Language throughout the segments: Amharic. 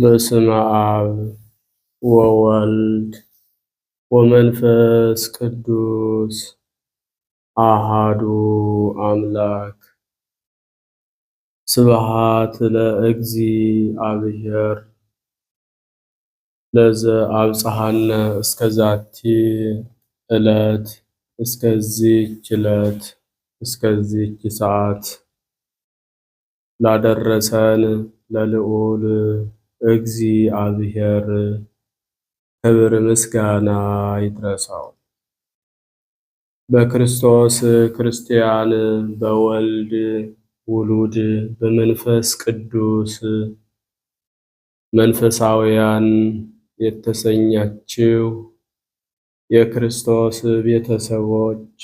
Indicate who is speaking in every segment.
Speaker 1: በስመ አብ ወወልድ ወመንፈስ ቅዱስ አሃዱ አምላክ ስብሃት ለእግዚአብሔር ለዘ አብጽሐነ እስከዛቲ ዕለት እስከዚች ዕለት እስከዚች ሰዓት ላደረሰን ለልዑል እግዚአብሔር ክብር ምስጋና ይድረሰው። በክርስቶስ ክርስቲያን በወልድ ውሉድ በመንፈስ ቅዱስ መንፈሳውያን የተሰኛችው የክርስቶስ ቤተሰቦች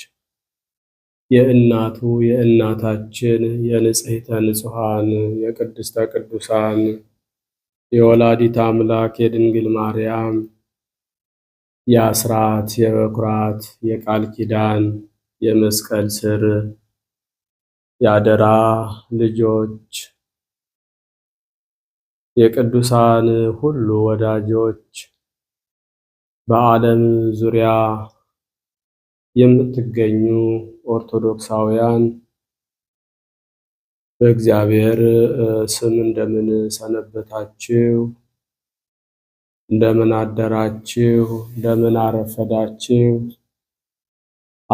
Speaker 1: የእናቱ የእናታችን የንጽሕተ ንጹሐን የቅድስተ ቅዱሳን የወላዲት አምላክ የድንግል ማርያም የአስራት የበኩራት የቃል ኪዳን የመስቀል ስር የአደራ ልጆች የቅዱሳን ሁሉ ወዳጆች በዓለም ዙሪያ የምትገኙ ኦርቶዶክሳውያን በእግዚአብሔር ስም እንደምን ሰነበታችሁ? እንደምን አደራችሁ? እንደምን አረፈዳችሁ?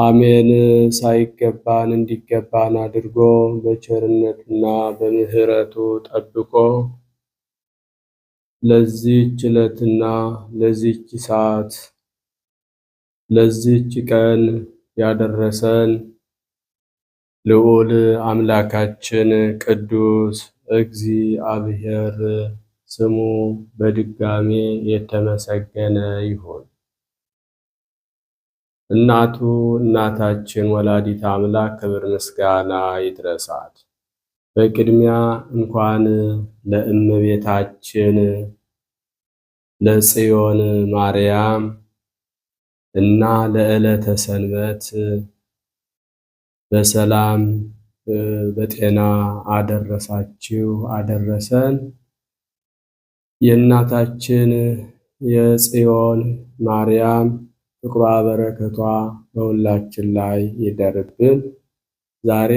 Speaker 1: አሜን። ሳይገባን እንዲገባን አድርጎ በቸርነቱና በምሕረቱ ጠብቆ ለዚህች ዕለትና ለዚህች ሰዓት ለዚህች ቀን ያደረሰን ልዑል አምላካችን ቅዱስ እግዚአብሔር ስሙ በድጋሜ የተመሰገነ ይሁን። እናቱ እናታችን ወላዲት አምላክ ክብር ምስጋና ይድረሳት። በቅድሚያ እንኳን ለእመቤታችን ለጽዮን ማርያም እና ለዕለተ ሰንበት በሰላም በጤና አደረሳችሁ አደረሰን። የእናታችን የጽዮን ማርያም ፍቅሯ በረከቷ በሁላችን ላይ ይደርብን። ዛሬ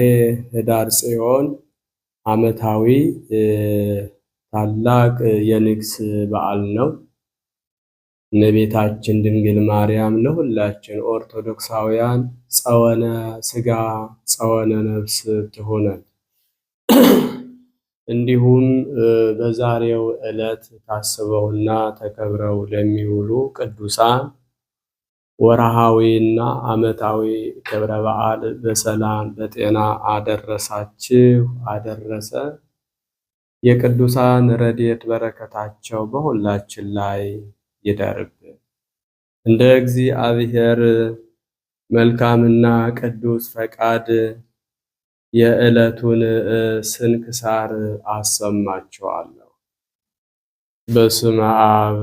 Speaker 1: ህዳር ጽዮን ዓመታዊ ታላቅ የንግስ በዓል ነው። እመቤታችን ድንግል ማርያም ለሁላችን ኦርቶዶክሳውያን ጸወነ ስጋ ጸወነ ነፍስ ትሆነን። እንዲሁም በዛሬው ዕለት ታስበውና ተከብረው ለሚውሉ ቅዱሳን ወርሃዊና ዓመታዊ ክብረ በዓል በሰላም በጤና አደረሳችሁ አደረሰ። የቅዱሳን ረድኤት በረከታቸው በሁላችን ላይ ይደርብን። እንደ እግዚአብሔር መልካምና ቅዱስ ፈቃድ የዕለቱን ስንክሳር አሰማችኋለሁ። በስመ አብ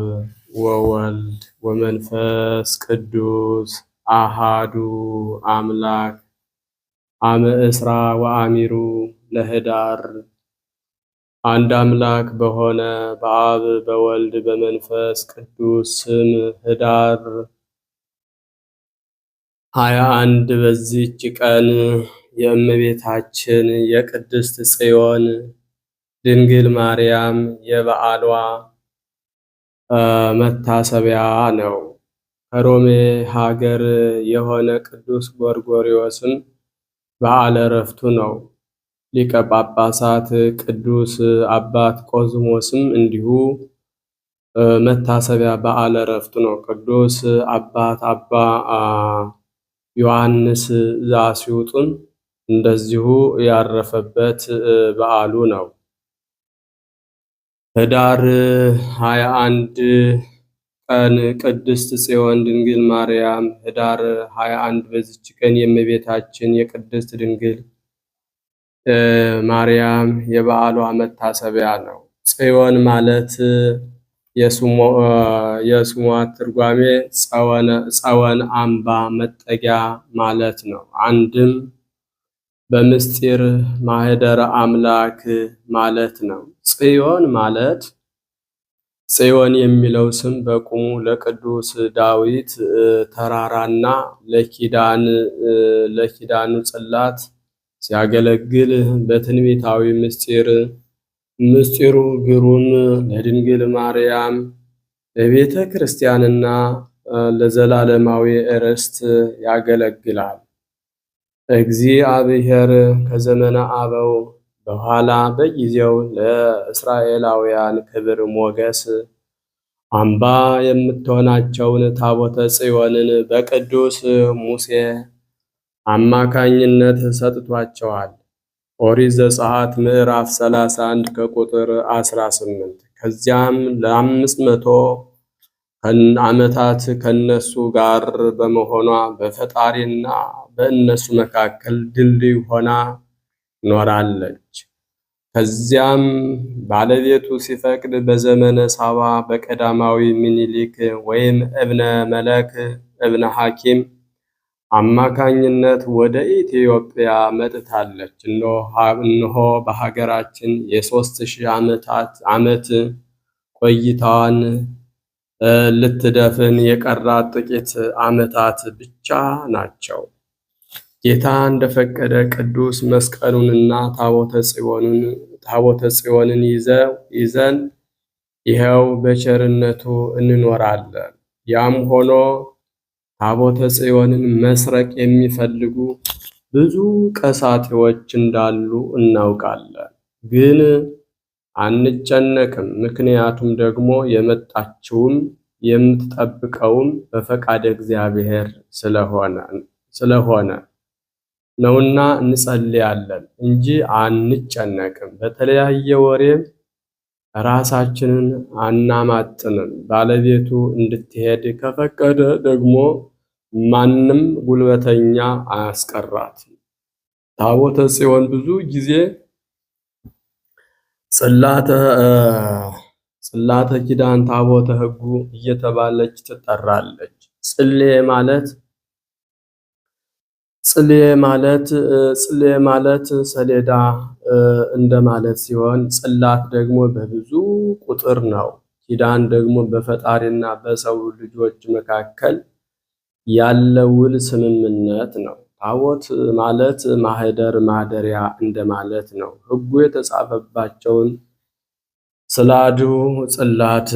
Speaker 1: ወወልድ ወመንፈስ ቅዱስ አሃዱ አምላክ አመ እስራ ወአሚሩ ለህዳር አንድ አምላክ በሆነ በአብ በወልድ በመንፈስ ቅዱስ ስም ህዳር ሀያ አንድ በዚች ቀን የእመቤታችን የቅድስት ጽዮን ድንግል ማርያም የበዓሏ መታሰቢያ ነው። ከሮሜ ሀገር የሆነ ቅዱስ ጎርጎሪዎስም በዓለ ዕረፍቱ ነው። ሊቀ ጳጳሳት ቅዱስ አባት ቆዝሞስም እንዲሁ መታሰቢያ በዓለ ዕረፍቱ ነው። ቅዱስ አባት አባ ዮሐንስ ዘአስዩጥም እንደዚሁ ያረፈበት በዓሉ ነው። ህዳር 21 ቀን ቅድስት ጽዮን ድንግል ማርያም፣ ህዳር 21 በዚች ቀን የእመቤታችን የቅድስት ድንግል ማርያም የበዓሏ መታሰቢያ ነው። ጽዮን ማለት የስሟ ትርጓሜ ጸወን አምባ መጠጊያ ማለት ነው። አንድም በምስጢር ማህደረ አምላክ ማለት ነው። ጽዮን ማለት ጽዮን የሚለው ስም በቁሙ ለቅዱስ ዳዊት ተራራና ለኪዳኑ ጽላት ሲያገለግል በትንቢታዊ ምስጢር ምስጢሩ ግሩም ለድንግል ማርያም ለቤተ ክርስቲያንና ለዘላለማዊ ርስት ያገለግላል። እግዚአብሔር ከዘመነ አበው በኋላ በጊዜው ለእስራኤላውያን ክብር ሞገስ አምባ የምትሆናቸውን ታቦተ ጽዮንን በቅዱስ ሙሴ አማካኝነት ሰጥቷቸዋል። ኦሪት ዘጸአት ምዕራፍ 31 ከቁጥር 18 ከዚያም ለአምስት መቶ ዓመታት ከነሱ ጋር በመሆኗ በፈጣሪና በእነሱ መካከል ድልድይ ሆና ኖራለች። ከዚያም ባለቤቱ ሲፈቅድ በዘመነ ሳባ በቀዳማዊ ምኒልክ ወይም እብነ መለክ እብነ ሐኪም አማካኝነት ወደ ኢትዮጵያ መጥታለች። እነሆ በሀገራችን የ ሺህ ዓመታት ዓመት ቆይታዋን ልትደፍን የቀራ ጥቂት ዓመታት ብቻ ናቸው። ጌታ እንደፈቀደ ቅዱስ መስቀሉንና ታቦተ ጽዮንን ይዘን ይኸው በቸርነቱ እንኖራለን። ያም ሆኖ ታቦተ ጽዮንን መስረቅ የሚፈልጉ ብዙ ቀሳጢዎች እንዳሉ እናውቃለን። ግን አንጨነቅም። ምክንያቱም ደግሞ የመጣችውም የምትጠብቀውም በፈቃደ እግዚአብሔር ስለሆነ ነውና እንጸልያለን እንጂ አንጨነቅም። በተለያየ ወሬ ራሳችንን አናማጥንም ባለቤቱ እንድትሄድ ከፈቀደ ደግሞ ማንም ጉልበተኛ አያስቀራት። ታቦተ ጽዮን ብዙ ጊዜ ጽላተ ጽላተ ኪዳን ታቦተ ሕጉ እየተባለች ትጠራለች። ጽሌ ማለት ጽሌ ማለት ጽሌ ማለት ሰሌዳ እንደማለት ሲሆን ጽላት ደግሞ በብዙ ቁጥር ነው። ኪዳን ደግሞ በፈጣሪና በሰው ልጆች መካከል ያለ ውል ስምምነት ነው። ታቦት ማለት ማህደር ማደሪያ እንደማለት ነው። ሕጉ የተጻፈባቸውን ስላዱ ጽላት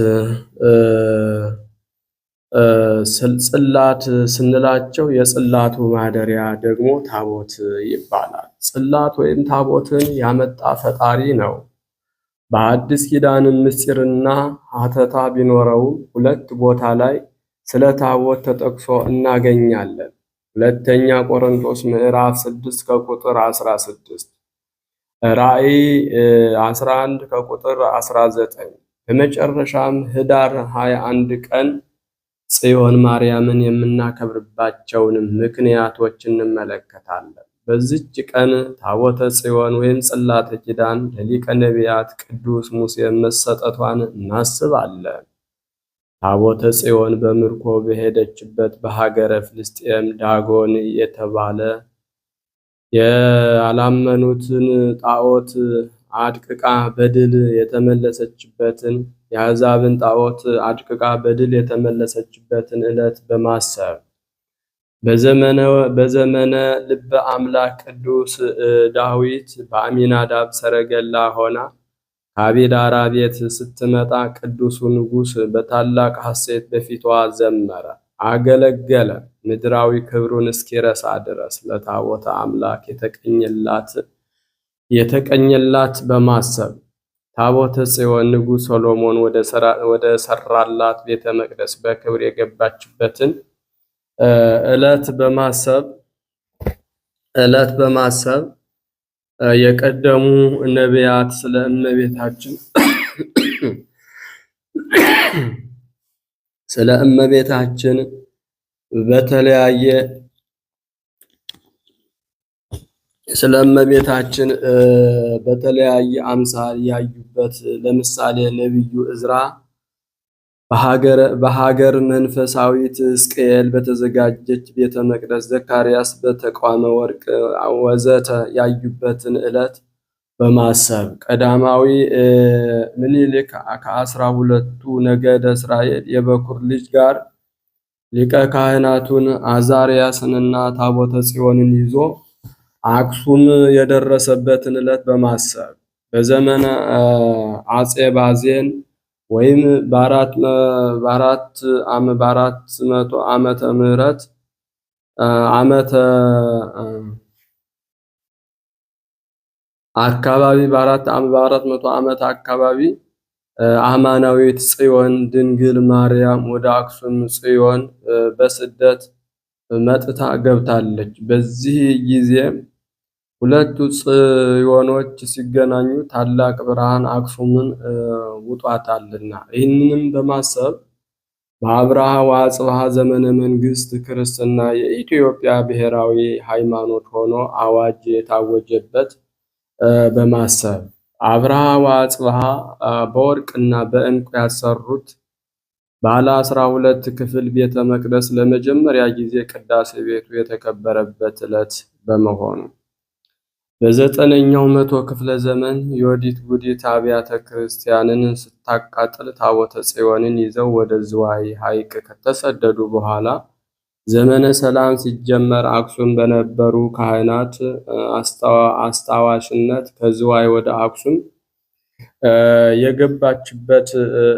Speaker 1: ጽላት ስንላቸው የጽላቱ ማደሪያ ደግሞ ታቦት ይባላል። ጽላት ወይም ታቦትን ያመጣ ፈጣሪ ነው። በአዲስ ኪዳንም ምስጢርና ሀተታ ቢኖረውም ሁለት ቦታ ላይ ስለ ታቦት ተጠቅሶ እናገኛለን። ሁለተኛ ቆሮንቶስ ምዕራፍ 6 ከቁጥር 16፣ ራእይ 11 ከቁጥር 19፣ በመጨረሻም ህዳር 21 ቀን ጽዮን ማርያምን የምናከብርባቸውንም ምክንያቶች እንመለከታለን። በዚች ቀን ታቦተ ጽዮን ወይም ጽላተ ኪዳን ለሊቀ ነቢያት ቅዱስ ሙሴ መሰጠቷን እናስባለን። ታቦተ ጽዮን በምርኮ በሄደችበት በሀገረ ፍልስጤም ዳጎን የተባለ ያላመኑትን ጣዖት አድቅቃ በድል የተመለሰችበትን የአሕዛብን ጣዖት አድቅቃ በድል የተመለሰችበትን ዕለት በማሰብ በዘመነ ልበ አምላክ ቅዱስ ዳዊት በአሚናዳብ ሰረገላ ሆና ከአቢዳራ ቤት ስትመጣ ቅዱሱ ንጉሥ በታላቅ ሐሴት በፊቷ ዘመረ፣ አገለገለ። ምድራዊ ክብሩን እስኪረሳ ድረስ ለታቦተ አምላክ የተቀኘላት የተቀኘላት በማሰብ ታቦተ ጽዮን ንጉሥ ሶሎሞን ወደ ሰራላት ቤተ መቅደስ በክብር የገባችበትን ዕለት በማሰብ ዕለት በማሰብ የቀደሙ ነቢያት ስለ እመቤታችን ስለ እመቤታችን በተለያየ ስለ እመቤታችን በተለያየ አምሳል ያዩበት ለምሳሌ ነቢዩ እዝራ በሀገር መንፈሳዊት ሕዝቅኤል በተዘጋጀች ቤተ መቅደስ ዘካርያስ በተቋመ ወርቅ ወዘተ ያዩበትን ዕለት በማሰብ ቀዳማዊ ምኒልክ ከአስራ ሁለቱ ነገደ እስራኤል የበኩር ልጅ ጋር ሊቀ ካህናቱን አዛርያስንና ታቦተ ጽዮንን ይዞ አክሱም የደረሰበትን ዕለት በማሰብ በዘመነ አጼ ባዜን ወይም በአራት በአራት መቶ ዓመተ ምህረት ዓመተ አካባቢ በአራት በአራት መቶ ዓመት አካባቢ አማናዊት ጽዮን ድንግል ማርያም ወደ አክሱም ጽዮን በስደት መጥታ ገብታለች። በዚህ ጊዜ ሁለቱ ጽዮኖች ሲገናኙ ታላቅ ብርሃን አክሱምን ውጧታልና። ይህንንም በማሰብ በአብርሃ ወአጽብሃ ዘመነ መንግስት ክርስትና የኢትዮጵያ ብሔራዊ ሃይማኖት ሆኖ አዋጅ የታወጀበት በማሰብ አብርሃ ወአጽብሃ በወርቅና በእንቁ ያሰሩት ባለ አስራ ሁለት ክፍል ቤተ መቅደስ ለመጀመሪያ ጊዜ ቅዳሴ ቤቱ የተከበረበት ዕለት በመሆኑ በዘጠነኛው መቶ ክፍለ ዘመን ዮዲት ጉዲት አብያተ ክርስቲያንን ስታቃጥል ታቦተ ጽዮንን ይዘው ወደ ዝዋይ ሐይቅ ከተሰደዱ በኋላ ዘመነ ሰላም ሲጀመር አክሱም በነበሩ ካህናት አስታዋሽነት ከዝዋይ ወደ አክሱም የገባችበት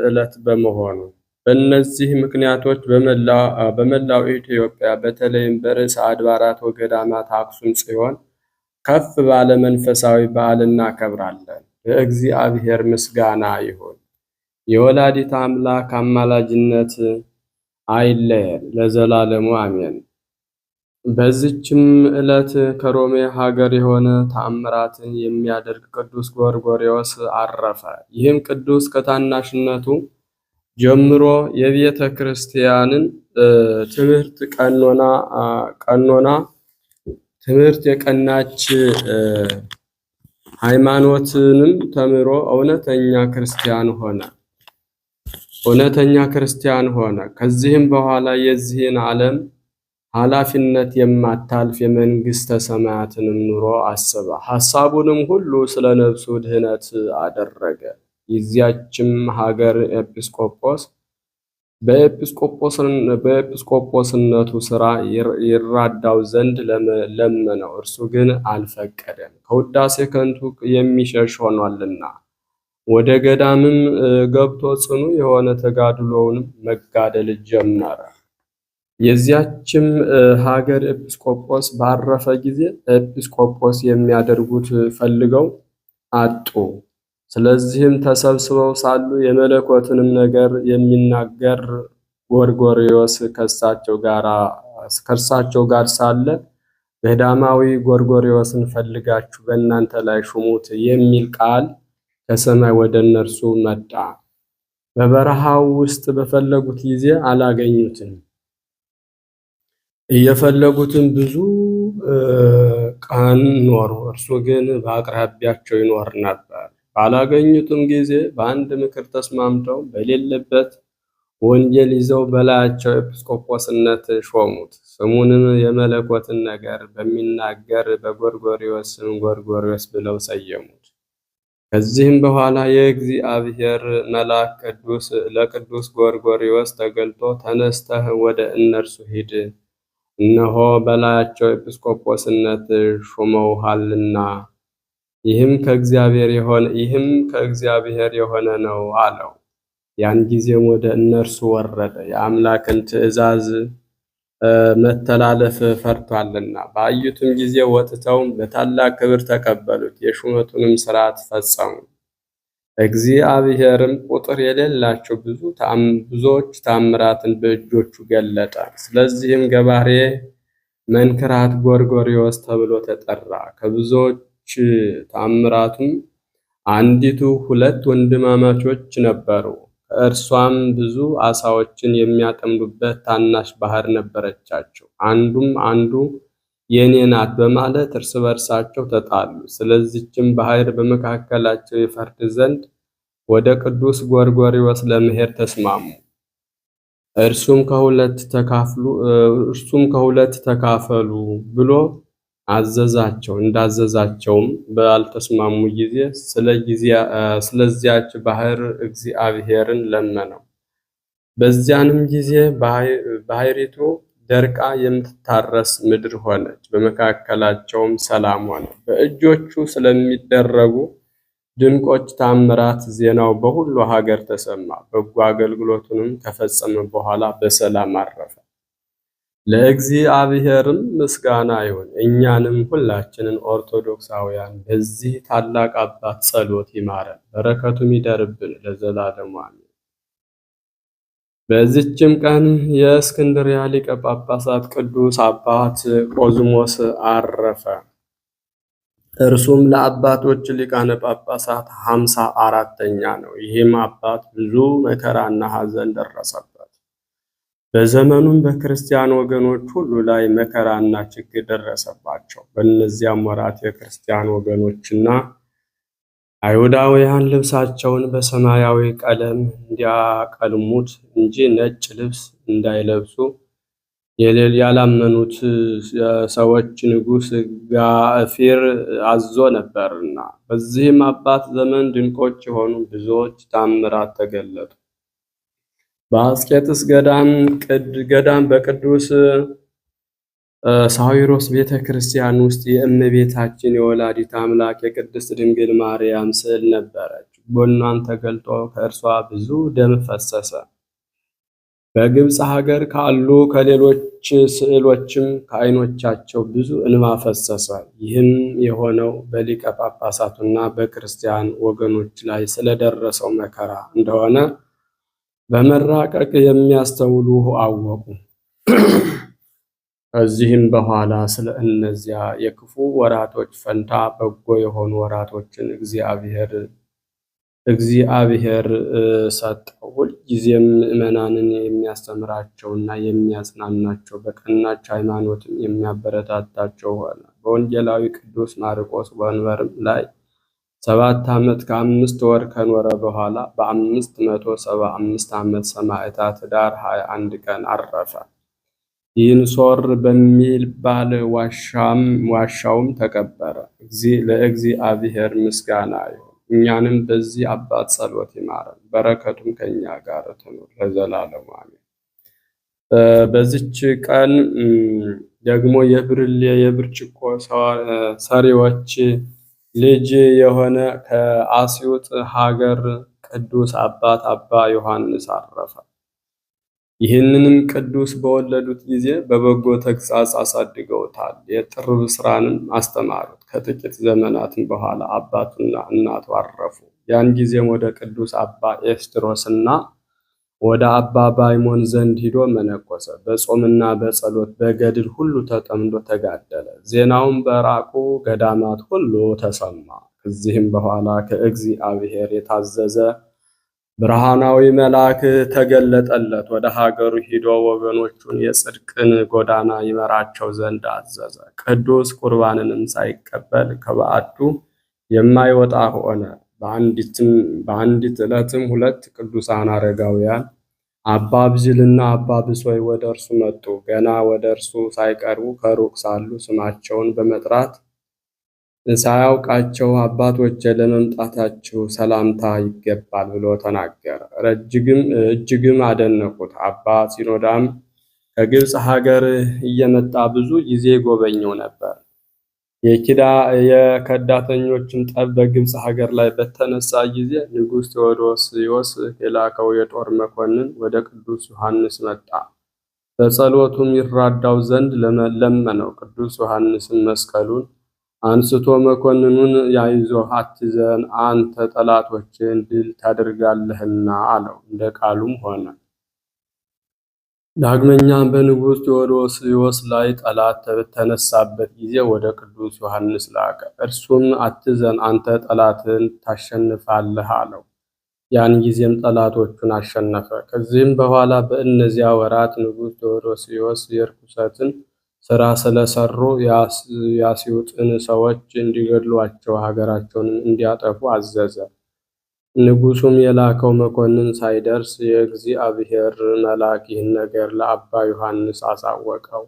Speaker 1: ዕለት በመሆኑ በእነዚህ ምክንያቶች በመላው ኢትዮጵያ በተለይም በርዕሰ አድባራት ወገዳማት አክሱም ጽዮን ከፍ ባለ መንፈሳዊ በዓል እናከብራለን። ለእግዚአብሔር ምስጋና ይሁን። የወላዲት አምላክ አማላጅነት አይለየን ለዘላለሙ አሜን። በዚችም ዕለት ከሮሜ ሀገር የሆነ ተአምራትን የሚያደርግ ቅዱስ ጎርጎርዮስ አረፈ። ይህም ቅዱስ ከታናሽነቱ ጀምሮ የቤተ ክርስቲያንን ትምህርት ቀኖና ቀኖና ትምህርት የቀናች ሃይማኖትንም ተምሮ እውነተኛ ክርስቲያን ሆነ። እውነተኛ ክርስቲያን ሆነ። ከዚህም በኋላ የዚህን ዓለም ኃላፊነት የማታልፍ የመንግሥተ ሰማያትንም ኑሮ አሰበ። ሐሳቡንም ሁሉ ስለ ነፍሱ ድህነት አደረገ። የዚያችም ሀገር ኤጲስቆጶስ በኤጲስቆጶስነቱ ሥራ ይራዳው ዘንድ ለመነው፣ እርሱ ግን አልፈቀደም፤ ከውዳሴ ከንቱ የሚሸሽ ሆኗልና። ወደ ገዳምም ገብቶ ጽኑ የሆነ ተጋድሎውንም መጋደል ጀመረ። የዚያችም ሀገር ኤጲስቆጶስ ባረፈ ጊዜ ኤጲስቆጶስ የሚያደርጉት ፈልገው አጡ። ስለዚህም ተሰብስበው ሳሉ የመለኮትንም ነገር የሚናገር ጎርጎሪዎስ ጋር ከእርሳቸው ጋር ሳለ ገዳማዊ ጎርጎሪዎስን ፈልጋችሁ በእናንተ ላይ ሹሙት የሚል ቃል ከሰማይ ወደ እነርሱ መጣ። በበረሃው ውስጥ በፈለጉት ጊዜ አላገኙትም። እየፈለጉትም ብዙ ቀን ኖሩ። እርሱ ግን በአቅራቢያቸው ይኖር ነበር። ባላገኙትም ጊዜ በአንድ ምክር ተስማምተው በሌለበት ወንጀል ይዘው በላያቸው ኤጲስቆጶስነት ሾሙት። ስሙንም የመለኮትን ነገር በሚናገር በጎርጎሪዎስ ስም ጎርጎሪዎስ ብለው ሰየሙት። ከዚህም በኋላ የእግዚአብሔር መልአክ ቅዱስ ለቅዱስ ጎርጎሪዎስ ተገልጦ ተነስተህ ወደ እነርሱ ሂድ፣ እነሆ በላያቸው ኤጲስቆጶስነት ሾመውሃልና ይህም ከእግዚአብሔር የሆነ ነው አለው። ያን ጊዜም ወደ እነርሱ ወረደ፣ የአምላክን ትእዛዝ መተላለፍ ፈርቷልና። በአዩትም ጊዜ ወጥተው በታላቅ ክብር ተቀበሉት፣ የሹመቱንም ስርዓት ፈጸሙ። እግዚአብሔርም ቁጥር የሌላቸው ብዙ ብዙዎች ታምራትን በእጆቹ ገለጠ። ስለዚህም ገባሬ መንክራት ጎርጎሪዎስ ተብሎ ተጠራ። ከብዙዎች ታምራቱም አንዲቱ ሁለት ወንድማማቾች ነበሩ። ከእርሷም ብዙ አሳዎችን የሚያጠምዱበት ታናሽ ባህር ነበረቻቸው። አንዱም አንዱ የኔ ናት በማለት እርስ በርሳቸው ተጣሉ። ስለዚችም ባህር በመካከላቸው ይፈርድ ዘንድ ወደ ቅዱስ ጎርጎሪዎስ ለመሄድ ተስማሙ። እርሱም ከሁለት ተካፈሉ ብሎ አዘዛቸው። እንዳዘዛቸውም ባልተስማሙ ጊዜ ስለዚያች ባህር እግዚአብሔርን ለመነው። በዚያንም ጊዜ ባህሪቱ ደርቃ የምትታረስ ምድር ሆነች። በመካከላቸውም ሰላም ሆነ። በእጆቹ ስለሚደረጉ ድንቆች ታምራት ዜናው በሁሉ ሀገር ተሰማ። በጎ አገልግሎቱንም ከፈጸመ በኋላ በሰላም አረፈ። ለእግዚአብሔርም ምስጋና ይሁን እኛንም ሁላችንን ኦርቶዶክሳውያን በዚህ ታላቅ አባት ጸሎት ይማረን፣ በረከቱም ይደርብን ለዘላለሙ አሜን። በዚችም ቀን የእስክንድርያ ሊቀ ጳጳሳት ቅዱስ አባት ቆዝሞስ አረፈ። እርሱም ለአባቶች ሊቃነ ጳጳሳት ሃምሳ አራተኛ ነው። ይህም አባት ብዙ መከራና ሐዘን ደረሰበት። በዘመኑም በክርስቲያን ወገኖች ሁሉ ላይ መከራና ችግር ደረሰባቸው። በእነዚያም ወራት የክርስቲያን ወገኖችና አይሁዳውያን ልብሳቸውን በሰማያዊ ቀለም እንዲያቀልሙት እንጂ ነጭ ልብስ እንዳይለብሱ ያላመኑት ሰዎች ንጉሥ ጋፊር አዞ ነበርና። በዚህም አባት ዘመን ድንቆች የሆኑ ብዙዎች ታምራት ተገለጡ። በአስቄጥስ ገዳም ገዳም በቅዱስ ሳዊሮስ ቤተ ክርስቲያን ውስጥ የእመቤታችን የወላዲት አምላክ የቅድስት ድንግል ማርያም ስዕል ነበረች። ጎኗን ተገልጦ ከእርሷ ብዙ ደም ፈሰሰ። በግብፅ ሀገር ካሉ ከሌሎች ስዕሎችም ከዓይኖቻቸው ብዙ እንባ ፈሰሰ። ይህም የሆነው በሊቀ ጳጳሳቱና በክርስቲያን ወገኖች ላይ ስለደረሰው መከራ እንደሆነ በመራቀቅ የሚያስተውሉ አወቁ። ከዚህም በኋላ ስለ እነዚያ የክፉ ወራቶች ፈንታ በጎ የሆኑ ወራቶችን እግዚአብሔር እግዚአብሔር ሰጠው። ሁልጊዜም ምዕመናንን የሚያስተምራቸውና የሚያጽናናቸው በቀናች ሃይማኖትም የሚያበረታታቸው ሆነ። በወንጌላዊ ቅዱስ ማርቆስ ወንበርም ላይ ሰባት ዓመት ከአምስት ወር ከኖረ በኋላ በአምስት መቶ ሰባ አምስት ዓመት ሰማዕታት ዳር ሃያ አንድ ቀን አረፈ። ይንሶር በሚባል ዋሻውም ተቀበረ። ለእግዚአብሔር ምስጋና ይሁን። እኛንም በዚህ አባት ጸሎት ይማረን፣ በረከቱም ከእኛ ጋር ትኑር ለዘላለሙ አሜን። በዚች ቀን ደግሞ የብርሌ የብርጭቆ ሰሪዎች ልጅ የሆነ ከአስዩጥ ሀገር ቅዱስ አባት አባ ዮሐንስ አረፈ። ይህንንም ቅዱስ በወለዱት ጊዜ በበጎ ተግሳጽ አሳድገውታል። የጥርብ ስራንም አስተማሩት። ከጥቂት ዘመናትም በኋላ አባቱና እናቱ አረፉ። ያን ጊዜም ወደ ቅዱስ አባ ኤስድሮስና ወደ አባ ባይሞን ዘንድ ሂዶ መነኮሰ። በጾምና በጸሎት በገድል ሁሉ ተጠምዶ ተጋደለ። ዜናውም በራቁ ገዳማት ሁሉ ተሰማ። ከዚህም በኋላ ከእግዚአብሔር የታዘዘ ብርሃናዊ መልአክ ተገለጠለት። ወደ ሀገሩ ሂዶ ወገኖቹን የጽድቅን ጎዳና ይመራቸው ዘንድ አዘዘ። ቅዱስ ቁርባንንም ሳይቀበል ከባዕዱ የማይወጣ ሆነ። በአንዲት ዕለትም ሁለት ቅዱሳን አረጋውያን አባ ብዝልና አባ ብሶይ ወደ እርሱ መጡ። ገና ወደ እርሱ ሳይቀርቡ ከሩቅ ሳሉ ስማቸውን በመጥራት ሳያውቃቸው አባቶች ለመምጣታችሁ ሰላምታ ይገባል ብሎ ተናገረ። እጅግም አደነቁት። አባ ሲኖዳም ከግብፅ ሀገር እየመጣ ብዙ ጊዜ ጎበኘው ነበር። የኪዳ የከዳተኞችም ጠብ በግብፅ ሀገር ላይ በተነሳ ጊዜ ንጉሥ ቴዎዶስዮስ የላከው የጦር መኮንን ወደ ቅዱስ ዮሐንስ መጣ። በጸሎቱም ይራዳው ዘንድ ለመለመነው። ቅዱስ ዮሐንስም መስቀሉን አንስቶ መኮንኑን ያይዞህ አትዘን፣ አንተ ጠላቶችን ድል ታደርጋለህና አለው። እንደ ቃሉም ሆነ። ዳግመኛም በንጉሥ ቴዎዶስዮስ ላይ ጠላት በተነሳበት ጊዜ ወደ ቅዱስ ዮሐንስ ላቀ እርሱም አትዘን፣ አንተ ጠላትን ታሸንፋለህ አለው። ያን ጊዜም ጠላቶቹን አሸነፈ። ከዚህም በኋላ በእነዚያ ወራት ንጉሥ ቴዎዶስዮስ የርኩሰትን ስራ ስለሰሩ ያሲውጥን ሰዎች እንዲገድሏቸው ሀገራቸውንም እንዲያጠፉ አዘዘ። ንጉሱም የላከው መኮንን ሳይደርስ የእግዚአብሔር መልአክ ይህን ነገር ለአባ ዮሐንስ አሳወቀው።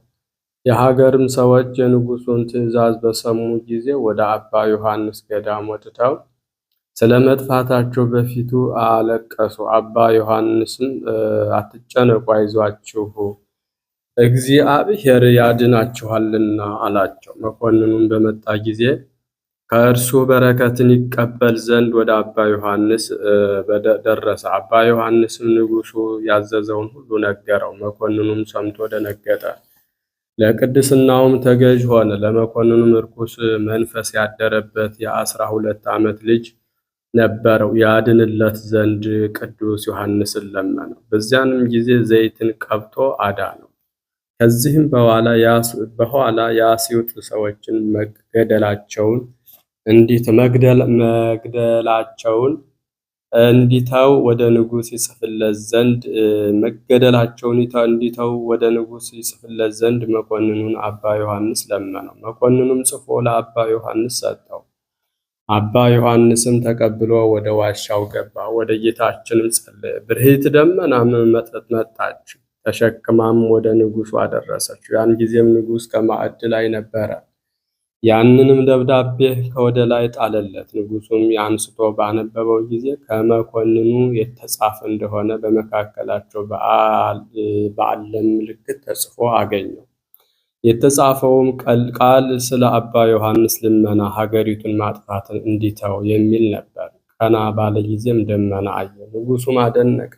Speaker 1: የሀገርም ሰዎች የንጉሱን ትእዛዝ በሰሙ ጊዜ ወደ አባ ዮሐንስ ገዳም ወጥተው ስለ መጥፋታቸው በፊቱ አለቀሱ። አባ ዮሐንስም አትጨነቁ፣ አይዟችሁ እግዚአብሔር ያድናችኋልና አላቸው። መኮንኑም በመጣ ጊዜ ከእርሱ በረከትን ይቀበል ዘንድ ወደ አባ ዮሐንስ ደረሰ። አባ ዮሐንስም ንጉሱ ያዘዘውን ሁሉ ነገረው። መኮንኑም ሰምቶ ደነገጠ፣ ለቅድስናውም ተገዥ ሆነ። ለመኮንኑም እርኩስ መንፈስ ያደረበት የአስራ ሁለት ዓመት ልጅ ነበረው። ያድንለት ዘንድ ቅዱስ ዮሐንስን ለመነው። በዚያንም ጊዜ ዘይትን ቀብቶ አዳነው። ከዚህም በኋላ በኋላ የአስዩጥ ሰዎችን መገደላቸውን እንዲት መግደል መግደላቸውን እንዲተው ወደ ንጉስ ይጽፍለት ዘንድ መገደላቸውን እንዲተው ወደ ንጉስ ይጽፍለት ዘንድ መኮንኑን አባ ዮሐንስ ለመነው። መኮንኑም ጽፎ ለአባ ዮሐንስ ሰጠው። አባ ዮሐንስም ተቀብሎ ወደ ዋሻው ገባ። ወደ ጌታችንም ጸለየ። ብርሂት ደመናም መጣች፣ ተሸክማም ወደ ንጉሱ አደረሰችው። ያን ጊዜም ንጉስ ከማዕድ ላይ ነበረ። ያንንም ደብዳቤ ከወደ ላይ ጣለለት። ንጉሱም አንስቶ ባነበበው ጊዜ ከመኮንኑ የተጻፈ እንደሆነ በመካከላቸው በአለም ምልክት ተጽፎ አገኘው። የተጻፈውም ቃል ስለ አባ ዮሐንስ ልመና ሀገሪቱን ማጥፋትን እንዲተው የሚል ነበር። ቀና ባለ ጊዜም ደመና አየ። ንጉሱም አደነቀ።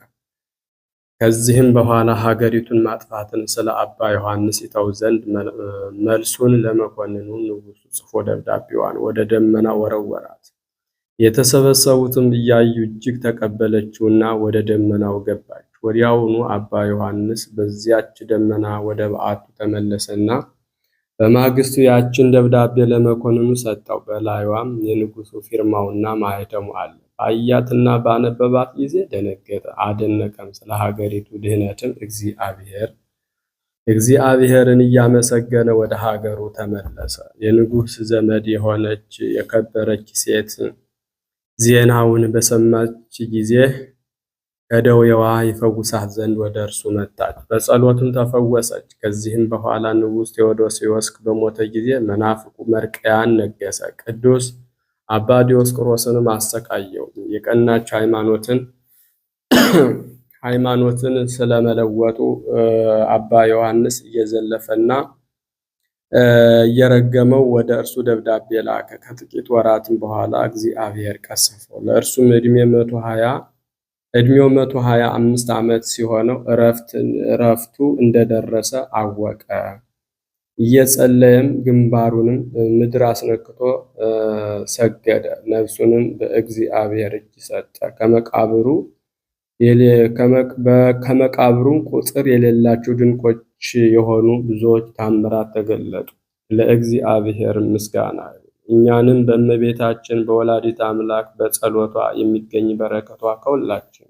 Speaker 1: ከዚህም በኋላ ሀገሪቱን ማጥፋትን ስለ አባ ዮሐንስ ይተው ዘንድ መልሱን ለመኮንኑ ንጉሱ ጽፎ ደብዳቤዋን ወደ ደመና ወረወራት። የተሰበሰቡትም እያዩ እጅግ ተቀበለችውና ወደ ደመናው ገባች። ወዲያውኑ አባ ዮሐንስ በዚያች ደመና ወደ በዓቱ ተመለሰና በማግስቱ ያችን ደብዳቤ ለመኮንኑ ሰጠው። በላይዋም የንጉሱ ፊርማውና ማኅተሙ አለ። አያትና ባነበባት ጊዜ ደነገጠ፣ አደነቀም። ስለ ሀገሪቱ ድህነትም እግዚአብሔር እግዚአብሔርን እያመሰገነ ወደ ሀገሩ ተመለሰ። የንጉሥ ዘመድ የሆነች የከበረች ሴት ዜናውን በሰማች ጊዜ ከደዌዋ ይፈውሳት ዘንድ ወደ እርሱ መጣች። በጸሎትም ተፈወሰች። ከዚህም በኋላ ንጉሥ ወስክ በሞተ ጊዜ መናፍቁ መርቅያን ነገሰ። ቅዱስ አባ ዲዮስቆሮስንም አሰቃየው። የቀናች ሃይማኖትን ሃይማኖትን ስለመለወጡ አባ ዮሐንስ እየዘለፈና እየረገመው ወደ እርሱ ደብዳቤ ላከ። ከጥቂት ወራትም በኋላ እግዚአብሔር ቀሰፈው። ለእርሱም ዕድሜ መቶ ሀያ እድሜው መቶ ሀያ አምስት ዓመት ሲሆነው እረፍቱ እንደደረሰ አወቀ። እየጸለየም ግንባሩንም ምድር አስነክቶ ሰገደ። ነፍሱንም በእግዚአብሔር እጅ ሰጠ። ከመቃብሩ ከመቃብሩም ቁጥር የሌላቸው ድንቆች የሆኑ ብዙዎች ታምራት ተገለጡ። ለእግዚአብሔር ምስጋና እኛንም በእመቤታችን በወላዲት አምላክ በጸሎቷ የሚገኝ በረከቷ ከሁላችን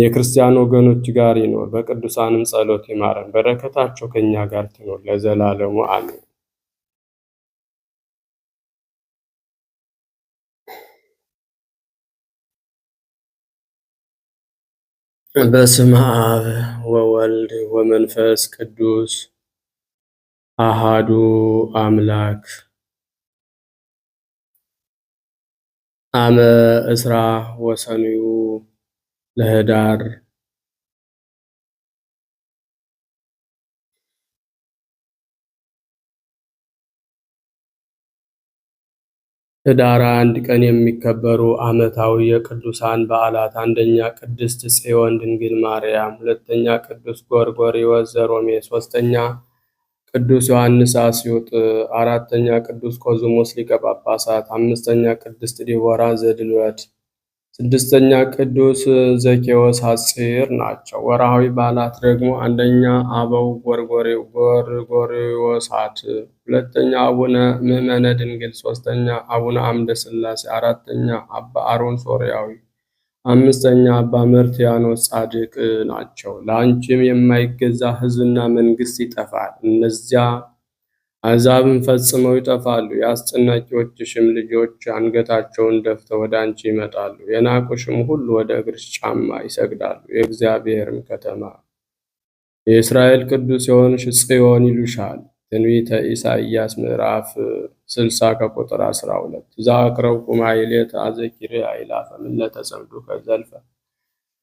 Speaker 1: የክርስቲያን ወገኖች ጋር ይኖር፣ በቅዱሳንም ጸሎት ይማረን። በረከታቸው ከእኛ ጋር ትኖር ለዘላለሙ አሜን። በስመ አብ ወወልድ ወመንፈስ ቅዱስ አሃዱ አምላክ አመ እስራ ወሰንዩ ለህዳር ህዳር አንድ ቀን የሚከበሩ ዓመታዊ የቅዱሳን በዓላት፣ አንደኛ ቅድስት ጽዮን ድንግል ማርያም፣ ሁለተኛ ቅዱስ ጎርጎርዮስ ዘሮሜ፣ ሶስተኛ ቅዱስ ዮሐንስ አስዮጥ፣ አራተኛ ቅዱስ ኮዝሞስ ሊቀ ጳጳሳት፣ አምስተኛ ቅድስት ዲቦራ ዘድልወድ፣ ስድስተኛ ቅዱስ ዘኬዎስ ሐጺር ናቸው። ወርሃዊ በዓላት ደግሞ አንደኛ አበው ጎርጎርዮሳት፣ ሁለተኛ አቡነ ምዕመነ ድንግል፣ ሶስተኛ አቡነ አምደ ስላሴ፣ አራተኛ አባ አሮን ሶርያዊ አምስተኛ አባ መርትያኖስ ጻድቅ ናቸው። ለአንቺም የማይገዛ ሕዝብና መንግስት ይጠፋል። እነዚያ አሕዛብን ፈጽመው ይጠፋሉ። የአስጨናቂዎችሽም ልጆች አንገታቸውን ደፍተው ወደ አንቺ ይመጣሉ። የናቁሽም ሁሉ ወደ እግርሽ ጫማ ይሰግዳሉ። የእግዚአብሔርም ከተማ የእስራኤል ቅዱስ የሆንሽ ጽዮን ይሉሻል። ትንቢተ ኢሳይያስ ምዕራፍ 60 ከቁጥር 12 ዛክረው ቁማይሌት አዘኪሬ አይላፈ ምለተ ጸምዱከ ዘልፈ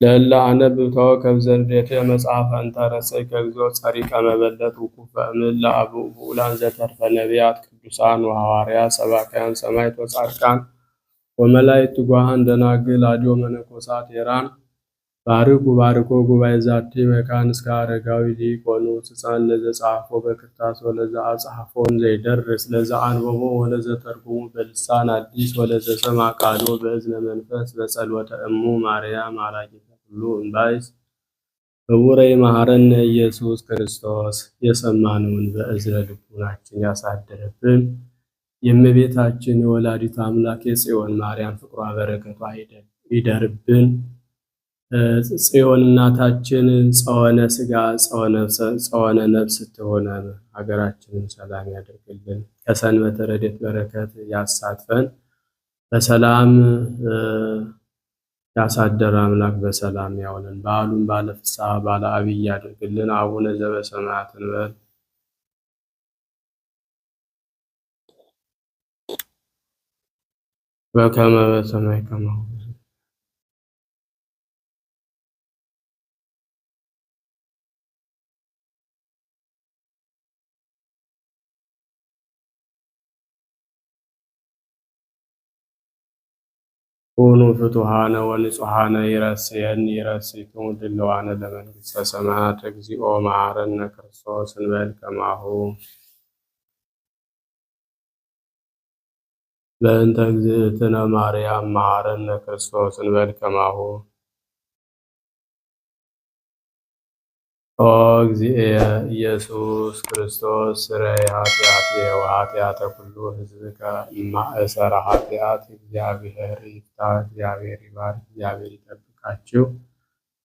Speaker 1: ለእለ አነብብ ተወከብ ዘርዴቴ መጽሐፈ እንተረሰይ ከግዞ ጸሪቀ መበለት ውኩፈ ምላ አቡቡ ላን ዘተርፈ ነቢያት ቅዱሳን ወሐዋርያ ሰባካያን ሰማይ ወጻድቃን ወመላይት ጓሃን ደናግል አድዮ መነኮሳት የራን ባርኩ ባርኮ ጉባኤ ዛቲ መካን እስከ አረጋዊ ሊቆኑ ስፃን ለዘ ጻፎ በክርታስ ወለዘ አጻፎን ዘይደርስ ለዘ አንበቦ ወለዘ ተርጉሙ በልሳን አዲስ ወለዘ ሰማ ቃሎ በእዝነ መንፈስ በጸልወተ እሙ ማርያም አላጊተ ሁሉ እምባይስ በቡረይ መሐረነ ኢየሱስ ክርስቶስ የሰማነውን በእዝነ ልቡናችን ያሳደረብን የእመቤታችን የወላዲት አምላክ የጽዮን ማርያም ፍቅሯ በረከቷ ይደርብን። ጽዮን እናታችን ጸወነ ስጋ ጸወነ ነፍስ ትሆነ ሀገራችንን ሰላም ያደርግልን። ከሰንበት ረድኤት በረከት ያሳትፈን። በሰላም ያሳደረ አምላክ በሰላም ያውለን። በዓሉን ባለ ፍስሐ ባለ አብይ ያደርግልን። አቡነ ዘበሰማያት እንበል። በከመ በሰማይ ከማሁ ሁኑ ፍቱሃነ ወንጹሃነ ይረስየን ይረስይክሙ ድልዋነ ለመንግሥተ ሰማያት እግዚኦ መሐረነ ክርስቶስ እንበል ከማሁ በእንተ እግዝእትነ ማርያም መሐረነ ክርስቶስ እንበል ከማሁ ኦ እግዚእየ ኢየሱስ ክርስቶስ ስረይ ኃጢአት ወኃጢአተ ኩሉ ሕዝብከ ማእሰረ ኃጢአት እግዚአብሔር ይፍታ፣ እግዚአብሔር ይባርክ፣ እግዚአብሔር ይጠብቃችሁ።